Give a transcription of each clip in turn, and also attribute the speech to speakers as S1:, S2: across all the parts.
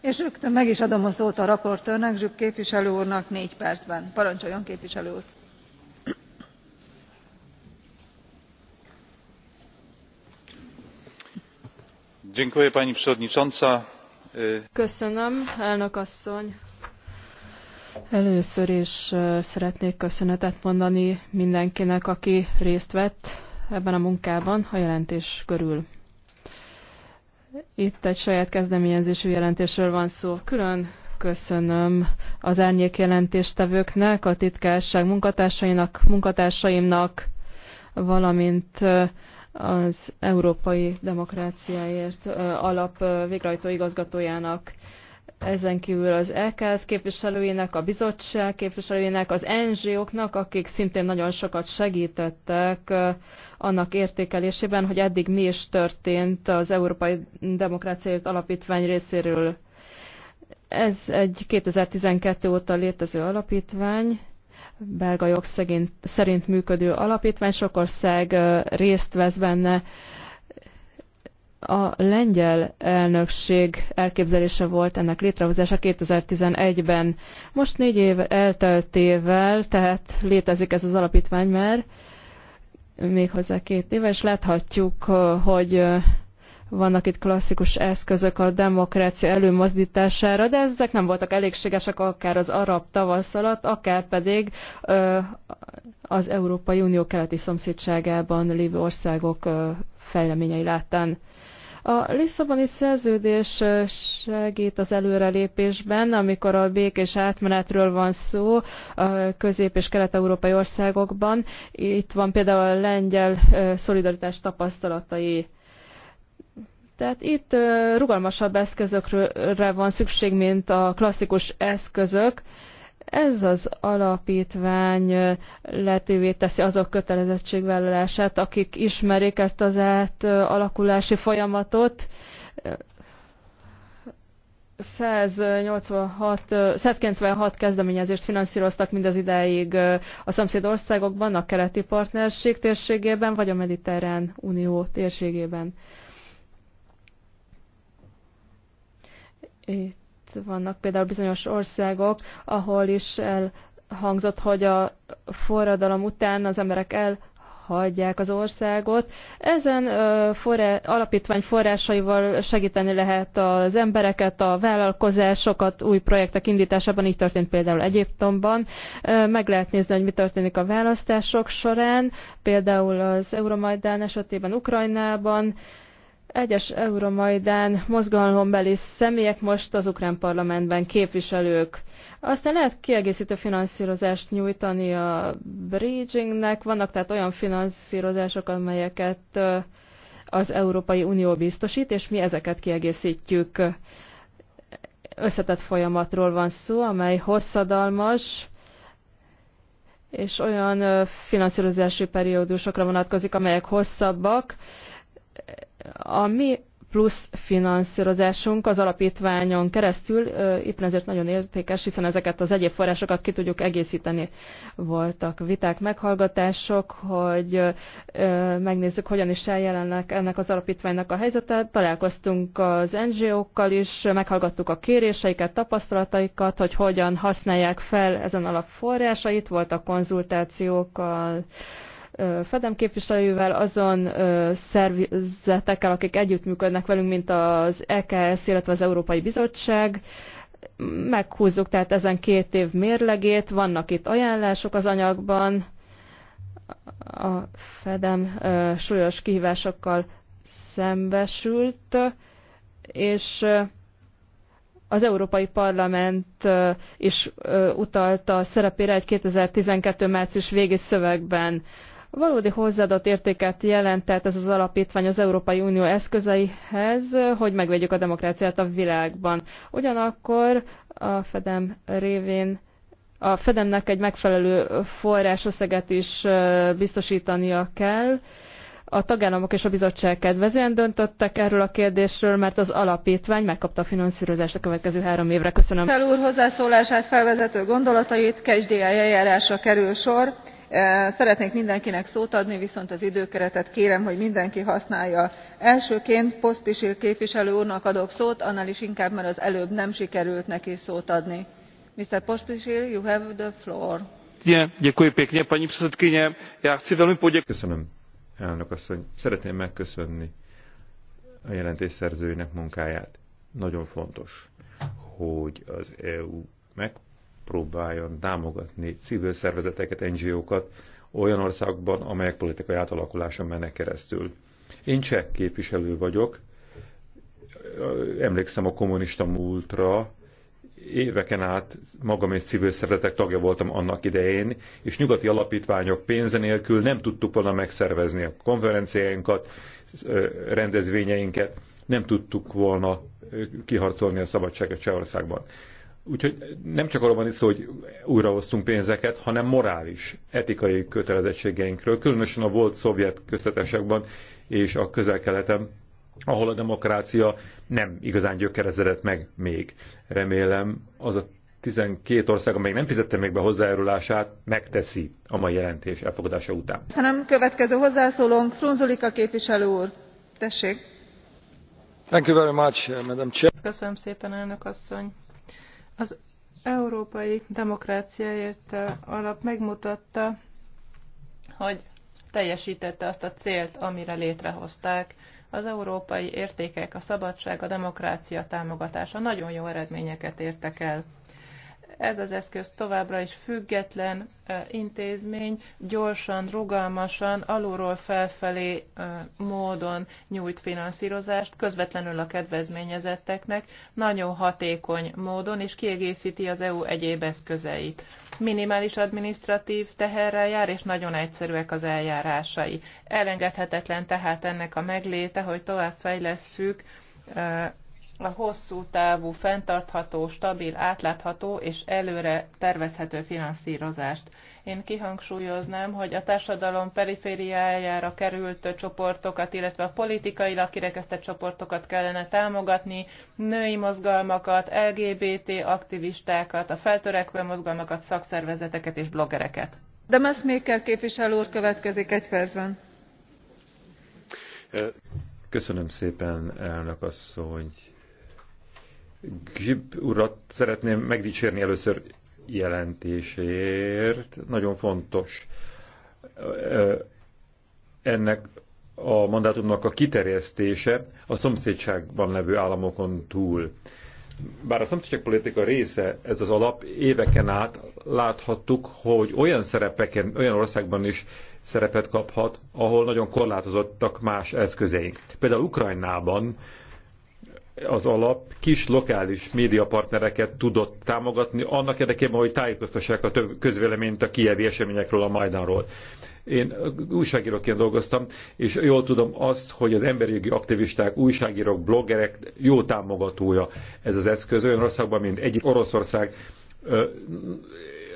S1: és rögtön meg is adom a szót a raportőrnek grzyb képviselő úrnak négy percben. parancsoljon képviselő úr!
S2: köszönöm elnök először is szeretnék köszönetet mondani mindenkinek aki részt vett ebben a munkában a jelentés körül. Itt egy saját kezdeményezésű jelentésről van szó. Külön köszönöm az árnyék jelentéstevőknek, a titkárság munkatársainak, munkatársaimnak, valamint az Európai Demokráciáért alap végrehajtó igazgatójának ezen kívül az EKSZ képviselőinek, a bizottság képviselőinek, az NGO-knak, akik szintén nagyon sokat segítettek annak értékelésében, hogy eddig mi is történt az Európai Demokráciáért Alapítvány részéről. Ez egy 2012 óta létező alapítvány, belga jog szerint működő alapítvány, sok ország részt vesz benne, a lengyel elnökség elképzelése volt ennek létrehozása 2011-ben. Most négy év elteltével, tehát létezik ez az alapítvány már, méghozzá két éve, és láthatjuk, hogy vannak itt klasszikus eszközök a demokrácia előmozdítására, de ezek nem voltak elégségesek akár az arab tavasz alatt, akár pedig az Európai Unió keleti szomszédságában lévő országok fejleményei láttán. A Lisszaboni szerződés segít az előrelépésben, amikor a békés átmenetről van szó a közép- és kelet-európai országokban. Itt van például a lengyel szolidaritás tapasztalatai. Tehát itt rugalmasabb eszközökre van szükség, mint a klasszikus eszközök ez az alapítvány lehetővé teszi azok kötelezettségvállalását, akik ismerik ezt az átalakulási folyamatot. 186, 196 kezdeményezést finanszíroztak mindez idáig a szomszéd országokban, a keleti partnerség térségében, vagy a mediterrán unió térségében. Itt vannak például bizonyos országok, ahol is elhangzott, hogy a forradalom után az emberek el hagyják az országot. Ezen ö, forrá, alapítvány forrásaival segíteni lehet az embereket, a vállalkozásokat, új projektek indításában, így történt például Egyiptomban. Ö, meg lehet nézni, hogy mi történik a választások során, például az Euromajdán esetében Ukrajnában. Ö, egyes Euromajdán mozgalombeli személyek most az ukrán parlamentben képviselők. Aztán lehet kiegészítő finanszírozást nyújtani a bridgingnek, vannak tehát olyan finanszírozások, amelyeket az Európai Unió biztosít, és mi ezeket kiegészítjük. Összetett folyamatról van szó, amely hosszadalmas, és olyan finanszírozási periódusokra vonatkozik, amelyek hosszabbak, a mi plusz finanszírozásunk az alapítványon keresztül éppen ezért nagyon értékes, hiszen ezeket az egyéb forrásokat ki tudjuk egészíteni. Voltak viták, meghallgatások, hogy megnézzük, hogyan is eljelennek ennek az alapítványnak a helyzete. Találkoztunk az NGO-kkal is, meghallgattuk a kéréseiket, tapasztalataikat, hogy hogyan használják fel ezen alap forrásait. Voltak konzultációk a Fedem képviselővel, azon szervezetekkel, akik együttműködnek velünk, mint az EKS, illetve az Európai Bizottság. Meghúzzuk tehát ezen két év mérlegét, vannak itt ajánlások az anyagban, a Fedem súlyos kihívásokkal szembesült, és az Európai Parlament is utalta a szerepére egy 2012. március végi szövegben. Valódi hozzáadott értéket jelentett ez az alapítvány az Európai Unió eszközeihez, hogy megvédjük a demokráciát a világban. Ugyanakkor a FEDEM révén a FEDEMnek egy megfelelő forrásösszeget is biztosítania kell, a tagállamok és a bizottság kedvezően döntöttek erről a kérdésről, mert az alapítvány megkapta a finanszírozást a következő három évre. Köszönöm.
S1: Fel úr hozzászólását felvezető gondolatait kezdi eljárásra kerül sor szeretnék mindenkinek szót adni viszont az időkeretet kérem hogy mindenki használja. elsőként pospil képviselő úrnak adok szót annál is inkább mert az előbb nem sikerült neki szót adni. mr pospil you have the floor.
S3: paní předsedkyně já szeretném megköszönni a jelentés munkáját. Nagyon fontos, hogy az EU meg próbáljon támogatni civil szervezeteket, NGO-kat olyan országban, amelyek politikai átalakuláson mennek keresztül. Én cseh képviselő vagyok, emlékszem a kommunista múltra, éveken át magam és civil szervezetek tagja voltam annak idején, és nyugati alapítványok pénze nélkül nem tudtuk volna megszervezni a konferenciáinkat, rendezvényeinket, nem tudtuk volna kiharcolni a szabadságot Csehországban. Úgyhogy nem csak arról van itt szó, hogy újrahoztunk pénzeket, hanem morális, etikai kötelezettségeinkről, különösen a volt szovjet köztetesekben és a közel-keleten, ahol a demokrácia nem igazán gyökerezedett meg még. Remélem az a 12 ország, amely nem fizette még be hozzájárulását, megteszi a mai jelentés elfogadása után.
S1: Köszönöm. Következő hozzászólónk, Frunzulika képviselő
S4: úr. Tessék.
S3: Thank you very much, Madam Chair. Köszönöm szépen,
S4: elnök asszony. Az európai demokráciáért alap megmutatta, hogy teljesítette azt a célt, amire létrehozták. Az európai értékek, a szabadság, a demokrácia támogatása nagyon jó eredményeket értek el. Ez az eszköz továbbra is független intézmény, gyorsan, rugalmasan, alulról felfelé módon nyújt finanszírozást, közvetlenül a kedvezményezetteknek, nagyon hatékony módon, és kiegészíti az EU egyéb eszközeit. Minimális adminisztratív teherrel jár, és nagyon egyszerűek az eljárásai. Elengedhetetlen tehát ennek a megléte, hogy tovább fejlesszük a hosszú távú, fenntartható, stabil, átlátható és előre tervezhető finanszírozást. Én kihangsúlyoznám, hogy a társadalom perifériájára került csoportokat, illetve a politikailag kirekesztett csoportokat kellene támogatni, női mozgalmakat, LGBT aktivistákat, a feltörekvő mozgalmakat, szakszervezeteket és bloggereket.
S1: De Messmaker képviselő úr következik egy percben.
S3: Köszönöm szépen, elnök asszony. Gib urat szeretném megdicsérni először jelentéséért. Nagyon fontos ennek a mandátumnak a kiterjesztése a szomszédságban levő államokon túl. Bár a szomszédságpolitika része ez az alap, éveken át láthattuk, hogy olyan szerepeken, olyan országban is szerepet kaphat, ahol nagyon korlátozottak más eszközeink. Például Ukrajnában az alap kis lokális médiapartnereket tudott támogatni, annak érdekében, hogy tájékoztassák a több közvéleményt a kievi eseményekről, a Majdanról. Én újságíróként dolgoztam, és jól tudom azt, hogy az emberi jogi aktivisták, újságírók, bloggerek jó támogatója ez az eszköz. Olyan országban, mint egy Oroszország,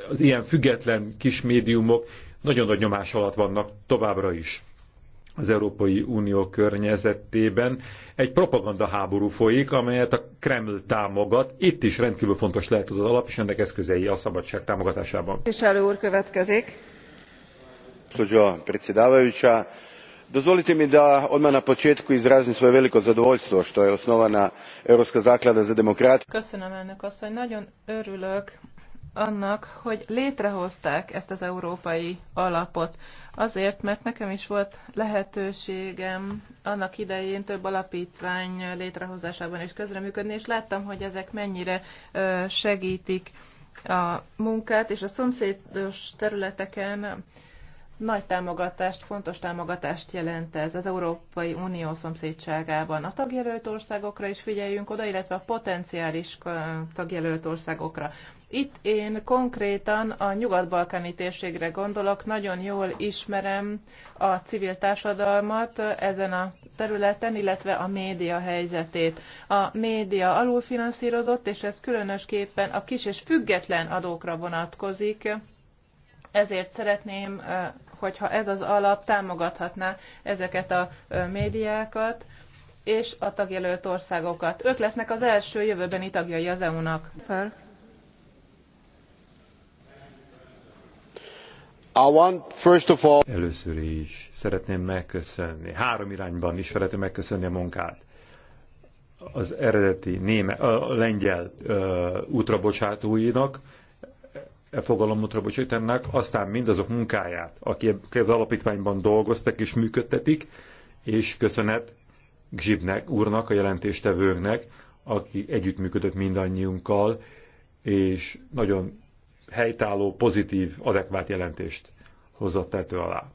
S3: az ilyen független kis médiumok nagyon nagy nyomás alatt vannak továbbra is az Európai Unió környezetében egy propaganda háború folyik, amelyet a Kreml támogat. Itt is rendkívül fontos lehet az alap és ennek eszközei a szabadság támogatásában.
S1: Viselő úr következik.
S3: Gospođo predsjedavajuća, dozvolite mi da odmah na početku izrazim svoje veliko zadovoljstvo što je osnovana Europska zaklada za demokratiju.
S4: Köszönöm elnök asszony, nagyon örülök annak, hogy létrehozták ezt az európai alapot. Azért, mert nekem is volt lehetőségem annak idején több alapítvány létrehozásában is közreműködni, és láttam, hogy ezek mennyire segítik a munkát, és a szomszédos területeken nagy támogatást, fontos támogatást jelent ez az Európai Unió szomszédságában. A tagjelölt országokra is figyeljünk oda, illetve a potenciális tagjelölt országokra. Itt én konkrétan a nyugat-balkáni térségre gondolok, nagyon jól ismerem a civil társadalmat ezen a területen, illetve a média helyzetét. A média alulfinanszírozott, és ez különösképpen a kis és független adókra vonatkozik, ezért szeretném, hogyha ez az alap támogathatná ezeket a médiákat, és a tagjelölt országokat. Ők lesznek az első jövőbeni tagjai az EU-nak.
S3: Először is szeretném megköszönni, három irányban is szeretném megköszönni a munkát. Az eredeti néme, a lengyel ö, útrabocsátóinak, e fogalom útrabocsátóinak, aztán mindazok munkáját, akik az alapítványban dolgoztak és működtetik, és köszönet Gzsibnek úrnak, a jelentéstevőnknek, aki együttműködött mindannyiunkkal, és nagyon helytálló, pozitív, adekvát jelentést hozott tető alá.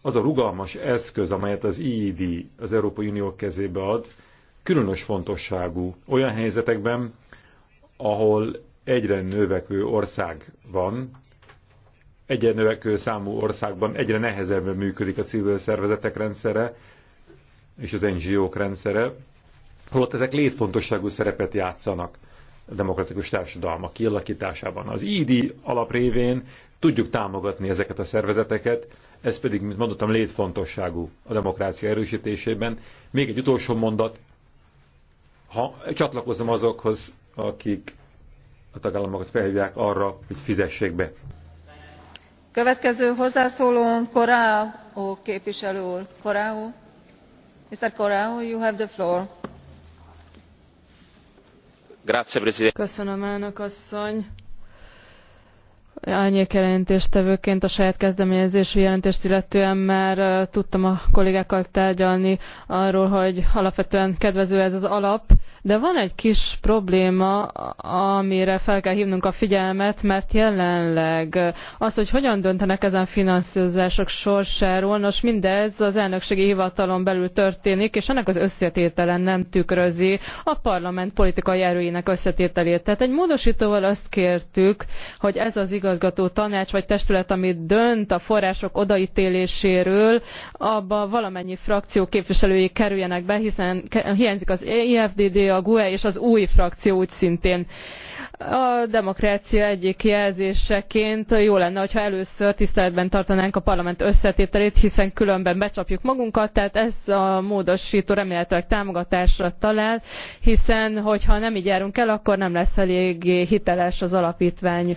S3: Az a rugalmas eszköz, amelyet az IED e az Európai Unió kezébe ad, különös fontosságú olyan helyzetekben, ahol egyre növekvő ország van, egyre növekvő számú országban egyre nehezebben működik a civil szervezetek rendszere és az NGO-k rendszere, holott ezek létfontosságú szerepet játszanak demokratikus társadalma kialakításában. Az ID alaprévén tudjuk támogatni ezeket a szervezeteket, ez pedig, mint mondottam, létfontosságú a demokrácia erősítésében. Még egy utolsó mondat, ha csatlakozom azokhoz, akik a tagállamokat felhívják arra, hogy fizessék be.
S1: Következő hozzászólónk Koráó képviselő úr. Koráó? Mr. Koráó, you have the floor.
S3: Grazie, Presidente.
S2: Köszönöm, elnök asszony. Árnyék jelentéstevőként a saját kezdeményezésű jelentést illetően már tudtam a kollégákkal tárgyalni arról, hogy alapvetően kedvező ez az alap, de van egy kis probléma, amire fel kell hívnunk a figyelmet, mert jelenleg az, hogy hogyan döntenek ezen finanszírozások sorsáról, nos mindez az elnökségi hivatalon belül történik, és ennek az összetételen nem tükrözi a parlament politikai erőinek összetételét. Tehát egy módosítóval azt kértük, hogy ez az igazgató tanács vagy testület, ami dönt a források odaítéléséről, abba valamennyi frakció képviselői kerüljenek be, hiszen hiányzik az EFDD, a GUE és az új frakció úgy szintén. A demokrácia egyik jelzéseként jó lenne, hogyha először tiszteletben tartanánk a parlament összetételét, hiszen különben becsapjuk magunkat, tehát ez a módosító remélhetőleg támogatásra talál, hiszen hogyha nem így járunk el, akkor nem lesz eléggé hiteles az alapítvány.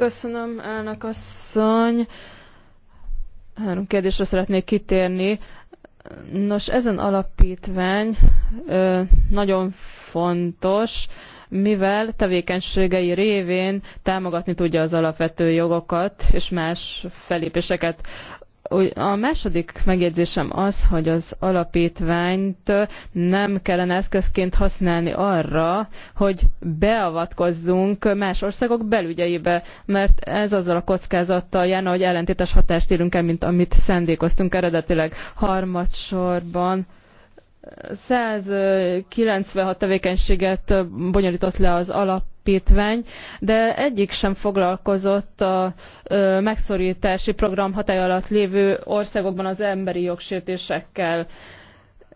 S1: Köszönöm,
S2: elnök asszony. Három kérdésre szeretnék kitérni. Nos, ezen alapítvány nagyon fontos, mivel tevékenységei révén támogatni tudja az alapvető jogokat és más felépéseket. A második megjegyzésem az, hogy az alapítványt nem kellene eszközként használni arra, hogy beavatkozzunk más országok belügyeibe, mert ez azzal a kockázattal jár, hogy ellentétes hatást élünk el, mint amit szándékoztunk eredetileg harmadsorban. 196 tevékenységet bonyolított le az alap alapítvány, de egyik sem foglalkozott a megszorítási program hatály alatt lévő országokban az emberi jogsértésekkel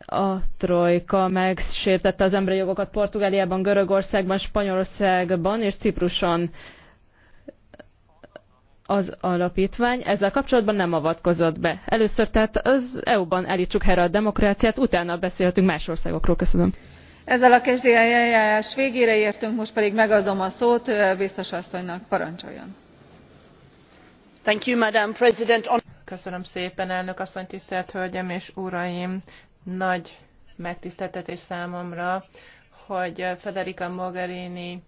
S2: a trojka megsértette az emberi jogokat Portugáliában, Görögországban, Spanyolországban és Cipruson az alapítvány ezzel kapcsolatban nem avatkozott be. Először tehát az EU-ban állítsuk helyre a demokráciát, utána beszélhetünk más országokról. Köszönöm
S1: ezzel a catch eljárás végére értünk most pedig megadom a szót biztos asszonynak parancsoljon!
S4: szépen elnök asszony tisztelt hölgyem és uraim! nagy megtiszteltetés számomra hogy federica mogherini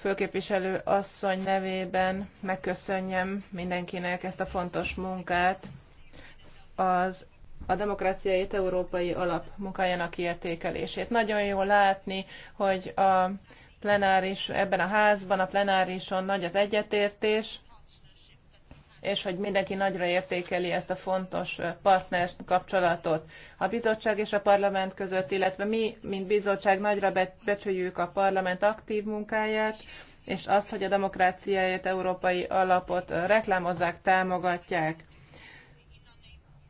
S4: főképviselő asszony nevében megköszönjem mindenkinek ezt a fontos munkát az a demokráciáért európai alap munkájának értékelését. Nagyon jó látni, hogy a plenáris, ebben a házban, a plenárison nagy az egyetértés, és hogy mindenki nagyra értékeli ezt a fontos partner kapcsolatot. A bizottság és a parlament között, illetve mi, mint bizottság, nagyra becsüljük a parlament aktív munkáját, és azt, hogy a demokráciáját európai alapot reklámozzák, támogatják.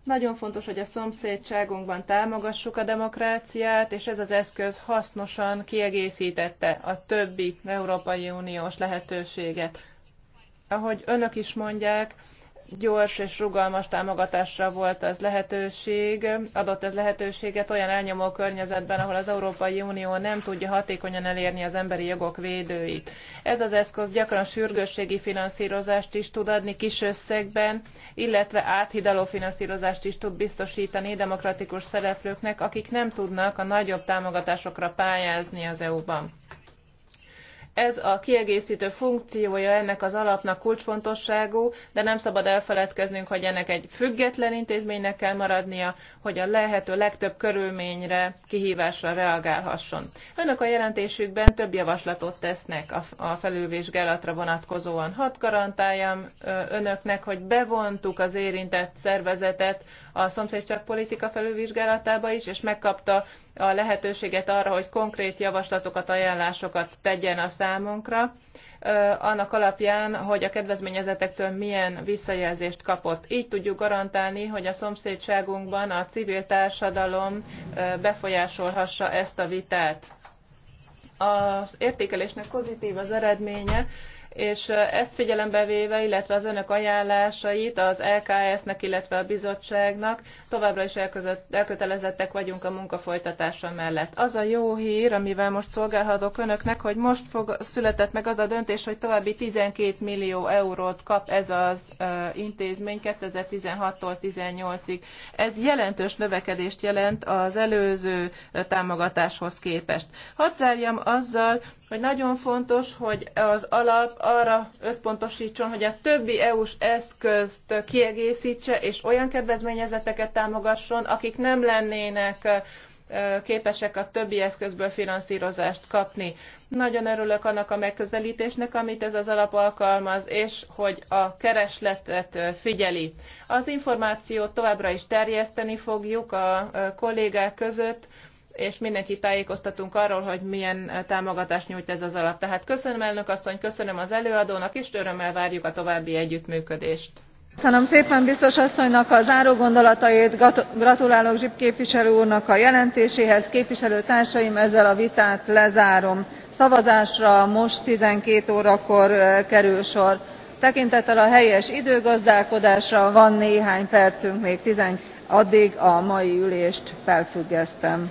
S4: Nagyon fontos, hogy a szomszédságunkban támogassuk a demokráciát, és ez az eszköz hasznosan kiegészítette a többi Európai Uniós lehetőséget. Ahogy önök is mondják, gyors és rugalmas támogatásra volt ez lehetőség, adott ez lehetőséget olyan elnyomó környezetben, ahol az Európai Unió nem tudja hatékonyan elérni az emberi jogok védőit. Ez az eszköz gyakran sürgősségi finanszírozást is tud adni kis összegben, illetve áthidaló finanszírozást is tud biztosítani demokratikus szereplőknek, akik nem tudnak a nagyobb támogatásokra pályázni az EU-ban ez a kiegészítő funkciója ennek az alapnak kulcsfontosságú, de nem szabad elfeledkeznünk, hogy ennek egy független intézménynek kell maradnia, hogy a lehető legtöbb körülményre, kihívásra reagálhasson. Önök a jelentésükben több javaslatot tesznek a felülvizsgálatra vonatkozóan. Hadd garantáljam önöknek, hogy bevontuk az érintett szervezetet a szomszédságpolitika felülvizsgálatába is, és megkapta a lehetőséget arra, hogy konkrét javaslatokat, ajánlásokat tegyen a számunkra, annak alapján, hogy a kedvezményezetektől milyen visszajelzést kapott. Így tudjuk garantálni, hogy a szomszédságunkban a civil társadalom befolyásolhassa ezt a vitát. Az értékelésnek pozitív az eredménye, és ezt figyelembe véve, illetve az önök ajánlásait az LKS-nek, illetve a bizottságnak továbbra is elkötelezettek vagyunk a munka folytatása mellett. Az a jó hír, amivel most szolgálhatok önöknek, hogy most fog, született meg az a döntés, hogy további 12 millió eurót kap ez az intézmény 2016-tól 18-ig. Ez jelentős növekedést jelent az előző támogatáshoz képest. Hadd zárjam azzal, hogy nagyon fontos, hogy az alap arra összpontosítson, hogy a többi EU-s eszközt kiegészítse, és olyan kedvezményezeteket támogasson, akik nem lennének képesek a többi eszközből finanszírozást kapni. Nagyon örülök annak a megközelítésnek, amit ez az alap alkalmaz, és hogy a keresletet figyeli. Az információt továbbra is terjeszteni fogjuk a kollégák között, és mindenki tájékoztatunk arról, hogy milyen eh, támogatást nyújt ez az alap. Tehát köszönöm elnök asszony, köszönöm az előadónak, és örömmel várjuk a további együttműködést.
S1: Köszönöm szépen biztos asszonynak a záró gondolatait, gratulálok Zsip képviselő úrnak a jelentéséhez, képviselőtársaim, ezzel a vitát lezárom. Szavazásra most 12 órakor eh, kerül sor. Tekintettel a helyes időgazdálkodásra van néhány percünk még 10 addig a mai ülést felfüggesztem.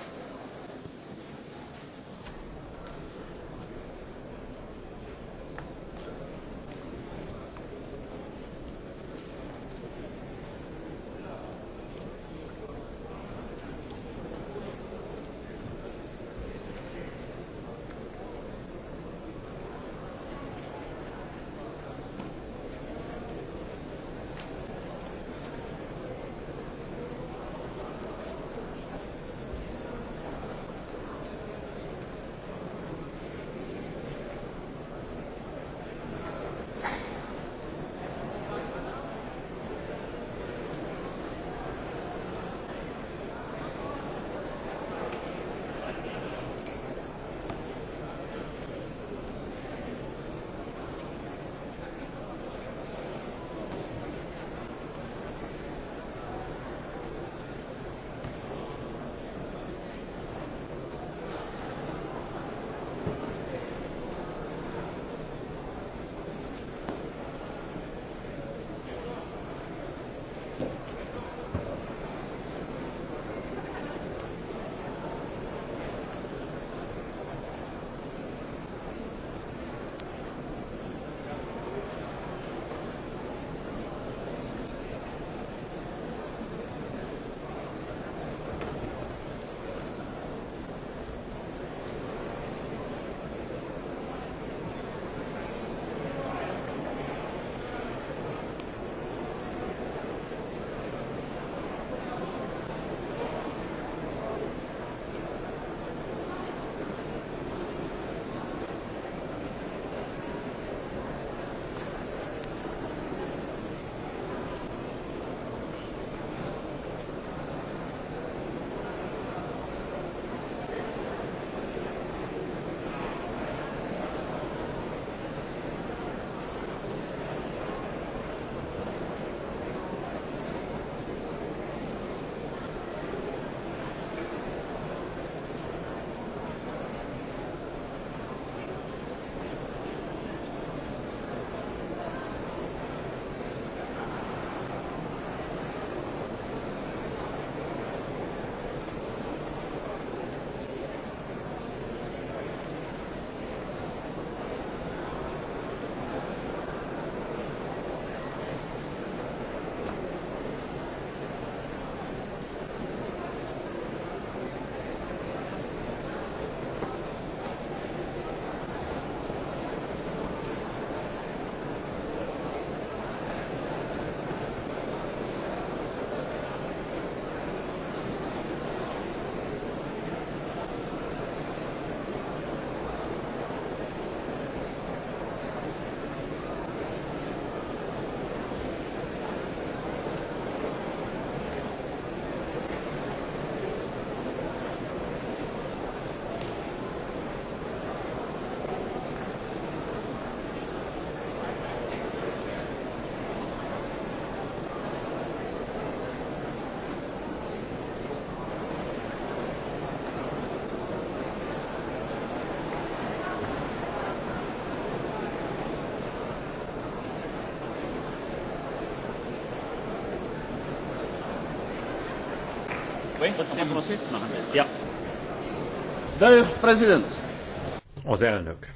S3: Az elnök.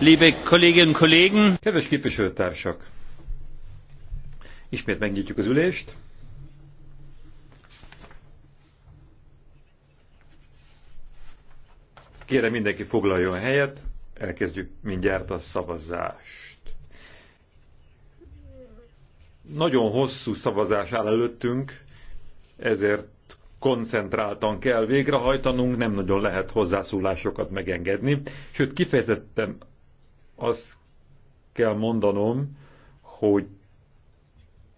S3: Liebe Kolleginnen und Kollegen! Kedves képviselőtársak! Ismét megnyitjuk az ülést. Kérem mindenki foglaljon helyet, elkezdjük mindjárt a szavazást nagyon hosszú szavazás áll előttünk, ezért koncentráltan kell végrehajtanunk, nem nagyon lehet hozzászólásokat megengedni. Sőt, kifejezetten azt kell mondanom, hogy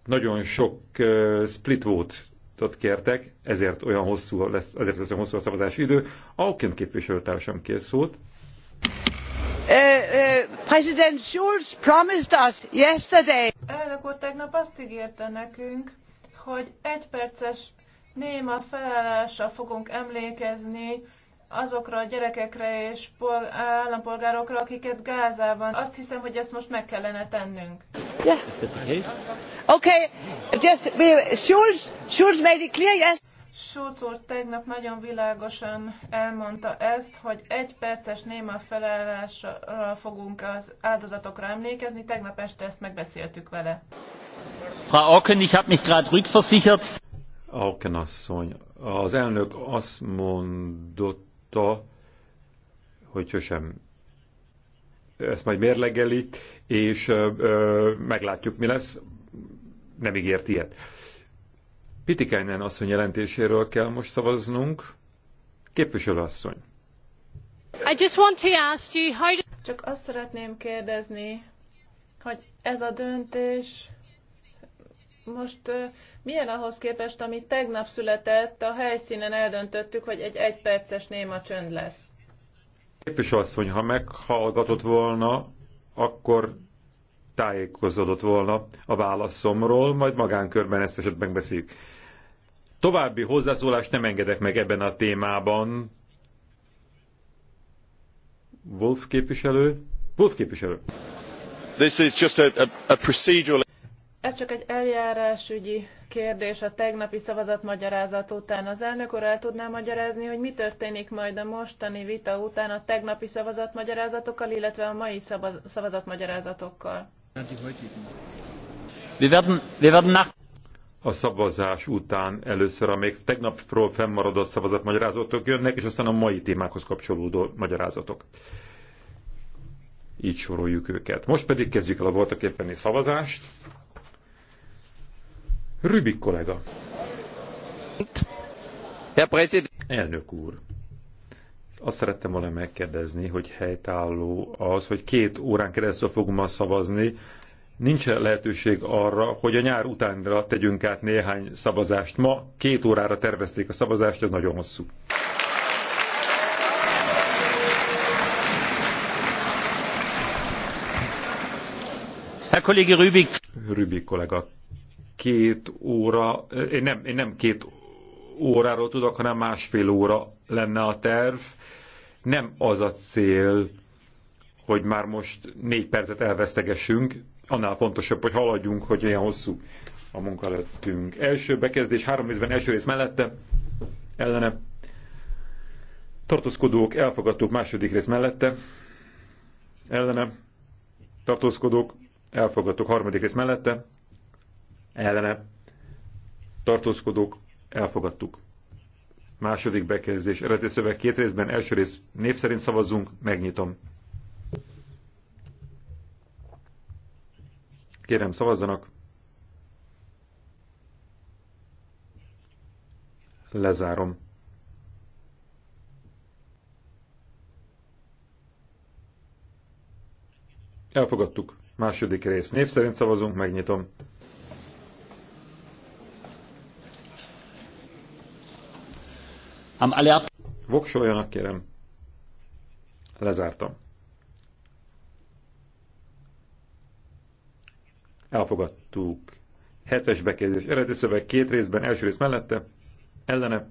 S3: nagyon sok split vote kértek, ezért olyan hosszú lesz, ezért lesz olyan hosszú a szavazási idő. Auken képviselőtársam kér szót.
S4: Uh, uh, President Schulz promised us yesterday. Uh akkor tegnap azt ígérte nekünk, hogy egy perces néma felállásra fogunk emlékezni azokra a gyerekekre és állampolgárokra, akiket Gázában. Azt hiszem, hogy ezt most meg kellene tennünk.
S3: Yeah. Okay, just Schulz, Schulz made it
S4: clear, yes. Schulz úr tegnap nagyon világosan elmondta ezt, hogy egy perces néma felállásra fogunk az áldozatokra emlékezni. Tegnap este ezt megbeszéltük vele.
S3: Frau Orken, ich habe mich gerade rückversichert. Orken asszony, az elnök azt mondotta, hogy sosem ezt majd mérlegeli, és ö, ö, meglátjuk, mi lesz. Nem ígért ilyet. Pitikájnán asszony jelentéséről kell most szavaznunk. Képviselő asszony.
S4: I just want to ask you how... Csak azt szeretném kérdezni, hogy ez a döntés most milyen ahhoz képest, ami tegnap született, a helyszínen eldöntöttük, hogy egy egyperces néma csönd lesz.
S3: Képviselő asszony, ha meghallgatott volna, akkor tájékozódott volna a válaszomról, majd magánkörben ezt esetben megbeszéljük. További hozzászólást nem engedek meg ebben a témában. Wolf képviselő? Wolf képviselő. This is just a, a, a procedural...
S4: Ez csak egy eljárásügyi kérdés a tegnapi szavazatmagyarázat után. Az elnök úr el tudná magyarázni, hogy mi történik majd a mostani vita után a tegnapi szavazatmagyarázatokkal, illetve a mai szavazatmagyarázatokkal?
S3: A szavazás után először a még tegnapról fennmaradott szavazatmagyarázatok jönnek, és aztán a mai témákhoz kapcsolódó magyarázatok. Így soroljuk őket. Most pedig kezdjük el a voltak éppeni szavazást. Rübik kollega. Herr Elnök úr. Azt szerettem volna megkérdezni, hogy helytálló az, hogy két órán keresztül fogunk ma szavazni, nincs lehetőség arra, hogy a nyár utánra tegyünk át néhány szavazást. Ma két órára tervezték a szavazást, ez nagyon hosszú. Herr Kollege Rübig. Rübig kollega, két óra, eh, én nem, én nem két óráról tudok, hanem másfél óra lenne a terv. Nem az a cél, hogy már most négy percet elvesztegessünk, annál fontosabb, hogy haladjunk, hogy ilyen hosszú a munka lettünk. Első bekezdés, három részben első rész mellette, ellene. Tartózkodók, elfogadtuk második rész mellette, ellene. Tartózkodók, elfogadtuk harmadik rész mellette, ellene. Tartózkodók, Elfogadtuk. Második bekezdés. Eredeti szöveg két részben. Első rész név szerint szavazunk. Megnyitom. Kérem, szavazzanak. Lezárom. Elfogadtuk. Második rész. Név szerint szavazunk, megnyitom. Am alle ab... Voksoljanak, kérem. Lezártam. Elfogadtuk. Hetes bekezdés. Eredeti szöveg két részben, első rész mellette, ellene.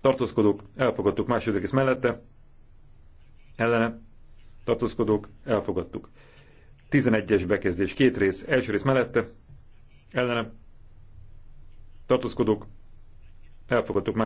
S3: Tartózkodók, elfogadtuk második rész mellette, ellene. Tartózkodók, elfogadtuk. 11-es bekezdés, két rész, első rész mellette, ellene. Tartózkodók,
S2: elfogadtuk